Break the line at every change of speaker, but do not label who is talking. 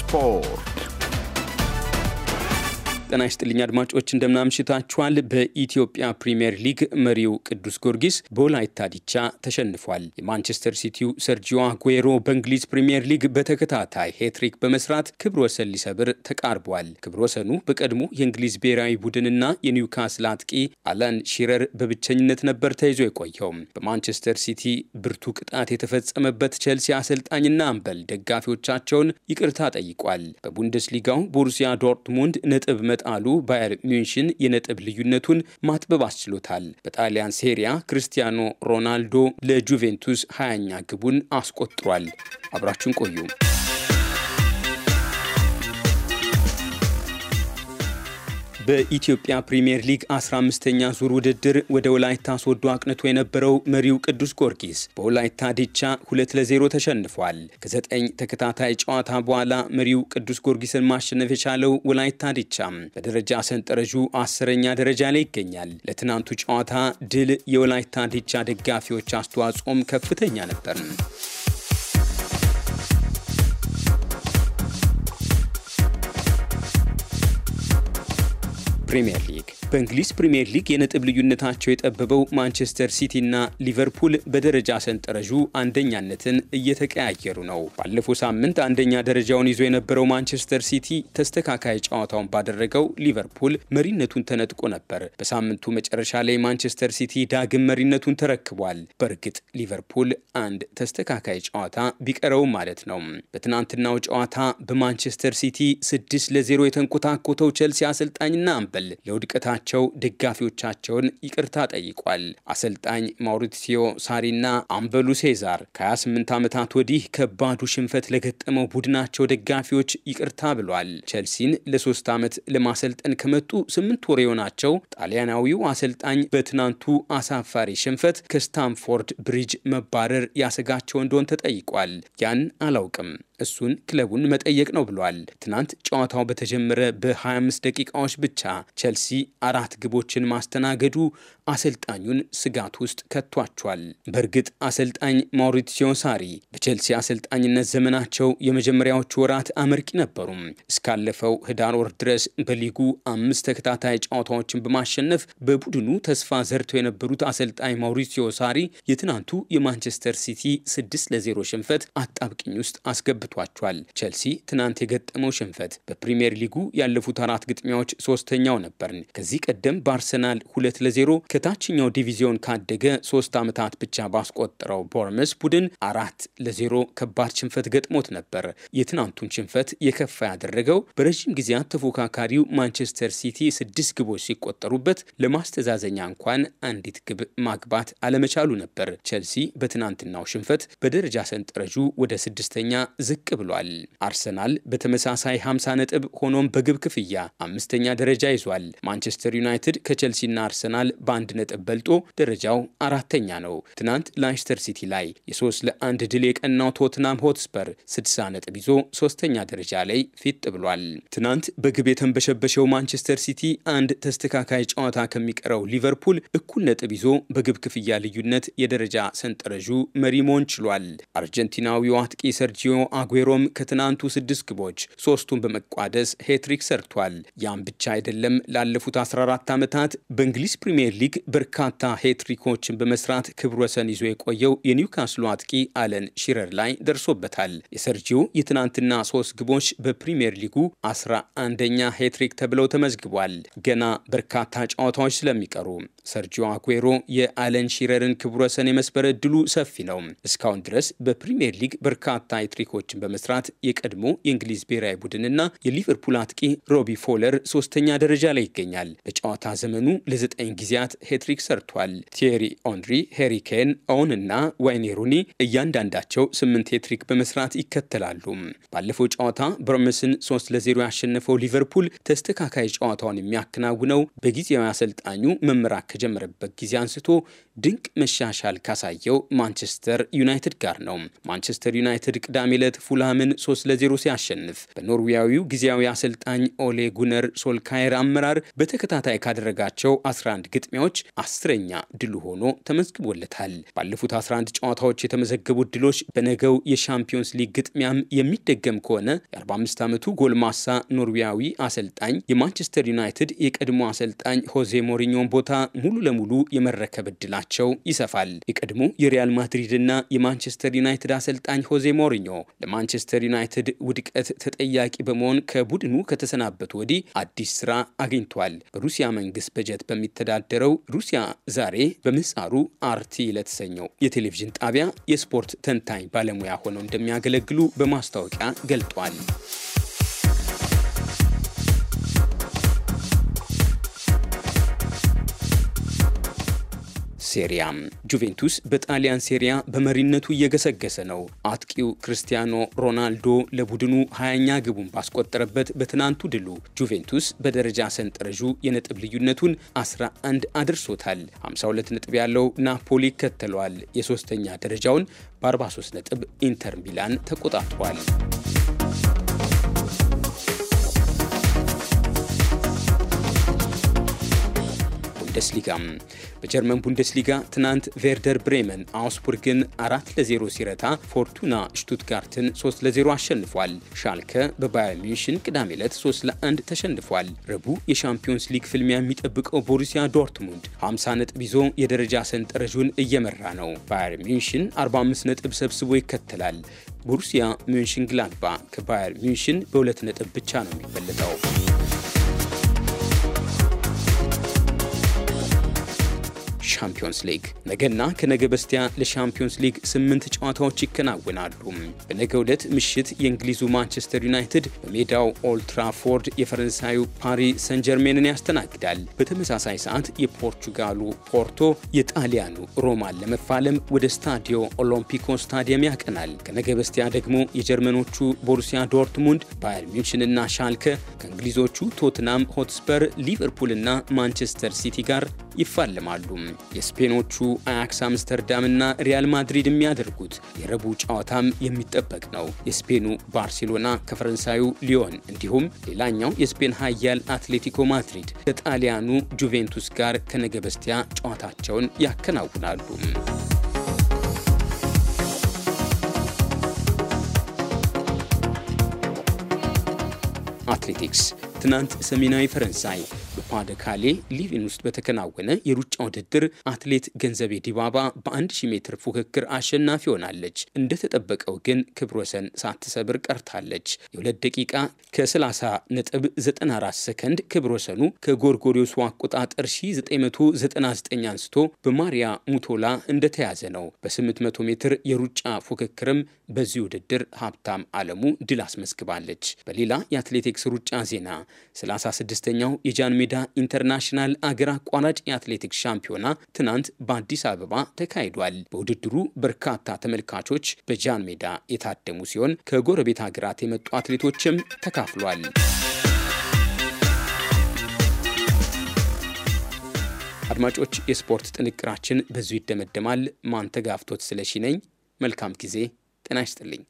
Spor. ጤና ይስጥልኝ አድማጮች፣ እንደምናምሽታችኋል። በኢትዮጵያ ፕሪምየር ሊግ መሪው ቅዱስ ጊዮርጊስ በወላይታ ዲቻ ተሸንፏል። የማንቸስተር ሲቲው ሰርጂዮ አጉዌሮ በእንግሊዝ ፕሪምየር ሊግ በተከታታይ ሄትሪክ በመስራት ክብረ ወሰን ሊሰብር ተቃርቧል። ክብረ ወሰኑ በቀድሞ የእንግሊዝ ብሔራዊ ቡድንና የኒውካስል አጥቂ አለን ሺረር በብቸኝነት ነበር ተይዞ የቆየው። በማንቸስተር ሲቲ ብርቱ ቅጣት የተፈጸመበት ቼልሲ አሰልጣኝና አምበል ደጋፊዎቻቸውን ይቅርታ ጠይቋል። በቡንደስሊጋው ቦሩሲያ ዶርትሙንድ ነጥብ መ.። መጣሉ ባየር ሚንሽን የነጥብ ልዩነቱን ማጥበብ አስችሎታል። በጣሊያን ሴሪያ ክርስቲያኖ ሮናልዶ ለጁቬንቱስ ሀያኛ ግቡን አስቆጥሯል። አብራችን ቆዩ። በኢትዮጵያ ፕሪምየር ሊግ 15ኛ ዙር ውድድር ወደ ወላይታ ሶዶ አቅንቶ የነበረው መሪው ቅዱስ ጊዮርጊስ በወላይታ ዲቻ 2 ለ0 ተሸንፏል። ከዘጠኝ ተከታታይ ጨዋታ በኋላ መሪው ቅዱስ ጊዮርጊስን ማሸነፍ የቻለው ወላይታ ዲቻ በደረጃ ሰንጠረዡ አስረኛ ደረጃ ላይ ይገኛል። ለትናንቱ ጨዋታ ድል የወላይታ ዲቻ ደጋፊዎች አስተዋጽኦም ከፍተኛ ነበር። Premier League. በእንግሊዝ ፕሪምየር ሊግ የነጥብ ልዩነታቸው የጠበበው ማንቸስተር ሲቲና ሊቨርፑል በደረጃ ሰንጠረዡ አንደኛነትን እየተቀያየሩ ነው። ባለፈው ሳምንት አንደኛ ደረጃውን ይዞ የነበረው ማንቸስተር ሲቲ ተስተካካይ ጨዋታውን ባደረገው ሊቨርፑል መሪነቱን ተነጥቆ ነበር። በሳምንቱ መጨረሻ ላይ ማንቸስተር ሲቲ ዳግም መሪነቱን ተረክቧል። በእርግጥ ሊቨርፑል አንድ ተስተካካይ ጨዋታ ቢቀረውም ማለት ነው። በትናንትናው ጨዋታ በማንቸስተር ሲቲ ስድስት ለዜሮ የተንኮታኮተው ቸልሲ አሰልጣኝና አምበል ለውድቀታ ቡድናቸው ደጋፊዎቻቸውን ይቅርታ ጠይቋል። አሰልጣኝ ማውሪሲዮ ሳሪና አምበሉ ሴዛር ከ28 ዓመታት ወዲህ ከባዱ ሽንፈት ለገጠመው ቡድናቸው ደጋፊዎች ይቅርታ ብሏል። ቸልሲን ለሶስት ዓመት ለማሰልጠን ከመጡ ስምንት ወር የሆናቸው ጣሊያናዊው አሰልጣኝ በትናንቱ አሳፋሪ ሽንፈት ከስታንፎርድ ብሪጅ መባረር ያሰጋቸው እንደሆን ተጠይቋል። ያን አላውቅም እሱን ክለቡን መጠየቅ ነው ብሏል። ትናንት ጨዋታው በተጀመረ በ25 ደቂቃዎች ብቻ ቼልሲ አራት ግቦችን ማስተናገዱ አሰልጣኙን ስጋት ውስጥ ከቷቸዋል። በእርግጥ አሰልጣኝ ማውሪሲዮ ሳሪ በቼልሲ አሰልጣኝነት ዘመናቸው የመጀመሪያዎቹ ወራት አመርቂ ነበሩም። እስካለፈው ህዳር ወር ድረስ በሊጉ አምስት ተከታታይ ጨዋታዎችን በማሸነፍ በቡድኑ ተስፋ ዘርተው የነበሩት አሰልጣኝ ማውሪሲዮ ሳሪ የትናንቱ የማንቸስተር ሲቲ 6 ለዜሮ ሽንፈት አጣብቅኝ ውስጥ አስገብቷል። አስመልክቷቸዋል። ቼልሲ ትናንት የገጠመው ሽንፈት በፕሪምየር ሊጉ ያለፉት አራት ግጥሚያዎች ሶስተኛው ነበርን። ከዚህ ቀደም በአርሰናል ሁለት ለዜሮ ከታችኛው ዲቪዚዮን ካደገ ሶስት ዓመታት ብቻ ባስቆጠረው ቦርመስ ቡድን አራት ለዜሮ ከባድ ሽንፈት ገጥሞት ነበር። የትናንቱን ሽንፈት የከፋ ያደረገው በረዥም ጊዜያት ተፎካካሪው ማንቸስተር ሲቲ ስድስት ግቦች ሲቆጠሩበት ለማስተዛዘኛ እንኳን አንዲት ግብ ማግባት አለመቻሉ ነበር። ቼልሲ በትናንትናው ሽንፈት በደረጃ ሰንጠረዡ ወደ ስድስተኛ ዝ ዝቅ ብሏል። አርሰናል በተመሳሳይ 50 ነጥብ ሆኖም በግብ ክፍያ አምስተኛ ደረጃ ይዟል። ማንቸስተር ዩናይትድ ከቼልሲና አርሰናል በአንድ ነጥብ በልጦ ደረጃው አራተኛ ነው። ትናንት ላይስተር ሲቲ ላይ የሶስት ለአንድ ድል የቀናው ቶትናም ሆትስፐር 60 ነጥብ ይዞ ሶስተኛ ደረጃ ላይ ፊጥ ብሏል። ትናንት በግብ የተንበሸበሸው ማንቸስተር ሲቲ አንድ ተስተካካይ ጨዋታ ከሚቀረው ሊቨርፑል እኩል ነጥብ ይዞ በግብ ክፍያ ልዩነት የደረጃ ሰንጠረዡ መሪ መሆን ችሏል። አርጀንቲናዊው አጥቂ ሰርጂዮ አጉሮም ከትናንቱ ስድስት ግቦች ሶስቱን በመቋደስ ሄትሪክ ሰርቷል። ያም ብቻ አይደለም። ላለፉት 14 ዓመታት በእንግሊዝ ፕሪምየር ሊግ በርካታ ሄትሪኮችን በመስራት ክብረ ወሰን ይዞ የቆየው የኒውካስሉ አጥቂ አለን ሺረር ላይ ደርሶበታል። የሰርጂው የትናንትና ሶስት ግቦች በፕሪምየር ሊጉ 11ኛ ሄትሪክ ተብለው ተመዝግቧል። ገና በርካታ ጨዋታዎች ስለሚቀሩ ሰርጂዮ አኩዌሮ የአለን ሺረርን ክቡረ ወሰን የመስበር እድሉ ሰፊ ነው። እስካሁን ድረስ በፕሪምየር ሊግ በርካታ የትሪኮችን በመስራት የቀድሞ የእንግሊዝ ብሔራዊ ቡድንና የሊቨርፑል አጥቂ ሮቢ ፎለር ሶስተኛ ደረጃ ላይ ይገኛል። በጨዋታ ዘመኑ ለዘጠኝ ጊዜያት ሄትሪክ ሰርቷል። ቲየሪ ኦንሪ፣ ሄሪ ኬን፣ ኦውን እና ዋይኔ ሩኒ እያንዳንዳቸው ስምንት ሄትሪክ በመስራት ይከተላሉ። ባለፈው ጨዋታ ብሮምስን ሶስት ለዜሮ ያሸነፈው ሊቨርፑል ተስተካካይ ጨዋታውን የሚያከናውነው በጊዜያዊ አሰልጣኙ መምራ ከጀመረበት ጊዜ አንስቶ ድንቅ መሻሻል ካሳየው ማንቸስተር ዩናይትድ ጋር ነው። ማንቸስተር ዩናይትድ ቅዳሜ ዕለት ፉልሃምን 3 ለ0 ሲያሸንፍ በኖርዌያዊው ጊዜያዊ አሰልጣኝ ኦሌ ጉነር ሶልካየር አመራር በተከታታይ ካደረጋቸው 11 ግጥሚያዎች አስረኛ ድሉ ሆኖ ተመዝግቦለታል። ባለፉት 11 ጨዋታዎች የተመዘገቡ ድሎች በነገው የሻምፒዮንስ ሊግ ግጥሚያም የሚደገም ከሆነ የ45 ዓመቱ ጎልማሳ ኖርዌያዊ አሰልጣኝ የማንቸስተር ዩናይትድ የቀድሞ አሰልጣኝ ሆዜ ሞሪኞን ቦታ ሙሉ ለሙሉ የመረከብ እድላቸው ይሰፋል። የቀድሞ የሪያል ማድሪድና የማንቸስተር ዩናይትድ አሰልጣኝ ሆዜ ሞሪኞ ለማንቸስተር ዩናይትድ ውድቀት ተጠያቂ በመሆን ከቡድኑ ከተሰናበቱ ወዲህ አዲስ ስራ አግኝቷል። በሩሲያ መንግስት በጀት በሚተዳደረው ሩሲያ ዛሬ በምህጻሩ አርቲ ለተሰኘው የቴሌቪዥን ጣቢያ የስፖርት ተንታኝ ባለሙያ ሆነው እንደሚያገለግሉ በማስታወቂያ ገልጧል። ሴሪያ። ጁቬንቱስ በጣሊያን ሴሪያ በመሪነቱ እየገሰገሰ ነው። አጥቂው ክርስቲያኖ ሮናልዶ ለቡድኑ ሀያኛ ግቡን ባስቆጠረበት በትናንቱ ድሉ ጁቬንቱስ በደረጃ ሰንጠረዡ የነጥብ ልዩነቱን 11 አድርሶታል። 52 ነጥብ ያለው ናፖሊ ይከተለዋል። የሶስተኛ ደረጃውን በ43 ነጥብ ኢንተር ሚላን ተቆጣጥሯል። ቡንደስሊጋ በጀርመን ቡንደስሊጋ ትናንት ቬርደር ብሬመን አውስቡርግን አራት ለዜሮ ሲረታ ፎርቱና ሽቱትጋርትን ለ ለዜሮ አሸንፏል። ሻልከ በባየር ሚንሽን ቅዳሜ ዕለት ለ ለአንድ ተሸንፏል። ረቡዕ የሻምፒዮንስ ሊግ ፍልሚያ የሚጠብቀው ቦሩሲያ ዶርትሙንድ 50 ነጥብ ይዞ የደረጃ ሰንጠረዡን እየመራ ነው። ባየር ሚንሽን 45 ነጥብ ሰብስቦ ይከተላል። ቦሩሲያ ሚንሽን ግላድባ ከባየር ሚንሽን በሁለት ነጥብ ብቻ ነው የሚበልጠው። ሻምፒዮንስ ሊግ ነገና ከነገ በስቲያ ለሻምፒዮንስ ሊግ ስምንት ጨዋታዎች ይከናወናሉ። በነገ ዕለት ምሽት የእንግሊዙ ማንቸስተር ዩናይትድ በሜዳው ኦልትራፎርድ የፈረንሳዩ ፓሪ ሰን ጀርሜንን ያስተናግዳል። በተመሳሳይ ሰዓት የፖርቹጋሉ ፖርቶ የጣሊያኑ ሮማን ለመፋለም ወደ ስታዲዮ ኦሎምፒኮ ስታዲየም ያቀናል። ከነገ በስቲያ ደግሞ የጀርመኖቹ ቦሩሲያ ዶርትሙንድ፣ ባየር ሚንሽንና ሻልከ ከእንግሊዞቹ ቶትናም ሆትስፐር፣ ና ማንቸስተር ሲቲ ጋር ይፋለማሉ። የስፔኖቹ አያክስ አምስተርዳምና ሪያል ማድሪድ የሚያደርጉት የረቡዕ ጨዋታም የሚጠበቅ ነው። የስፔኑ ባርሴሎና ከፈረንሳዩ ሊዮን እንዲሁም ሌላኛው የስፔን ኃያል አትሌቲኮ ማድሪድ ከጣሊያኑ ጁቬንቱስ ጋር ከነገ በስቲያ ጨዋታቸውን ያከናውናሉ። አትሌቲክስ ትናንት ሰሜናዊ ፈረንሳይ ካሌ ሊቪን ውስጥ በተከናወነ የሩጫ ውድድር አትሌት ገንዘቤ ዲባባ በ1000 ሜትር ፉክክር አሸናፊ ሆናለች። እንደተጠበቀው ግን ክብረ ወሰን ሳትሰብር ቀርታለች። የሁለት ደቂቃ ከ30 ነጥብ 94 ሰከንድ ክብረ ወሰኑ ከጎርጎሪዮስ አቆጣጠር 1999 አንስቶ በማሪያ ሙቶላ እንደተያዘ ነው። በ800 ሜትር የሩጫ ፉክክርም በዚህ ውድድር ሀብታም አለሙ ድል አስመዝግባለች። በሌላ የአትሌቲክስ ሩጫ ዜና 36ኛው የጃን ሜዳ ኢንተርናሽናል አገር አቋራጭ የአትሌቲክስ ሻምፒዮና ትናንት በአዲስ አበባ ተካሂዷል። በውድድሩ በርካታ ተመልካቾች በጃን ሜዳ የታደሙ ሲሆን ከጎረቤት ሀገራት የመጡ አትሌቶችም ተካፍሏል። አድማጮች፣ የስፖርት ጥንቅራችን በዚሁ ይደመደማል። ማንተጋፍቶት ስለሺ ነኝ። መልካም ጊዜ። ጤና ይስጥልኝ።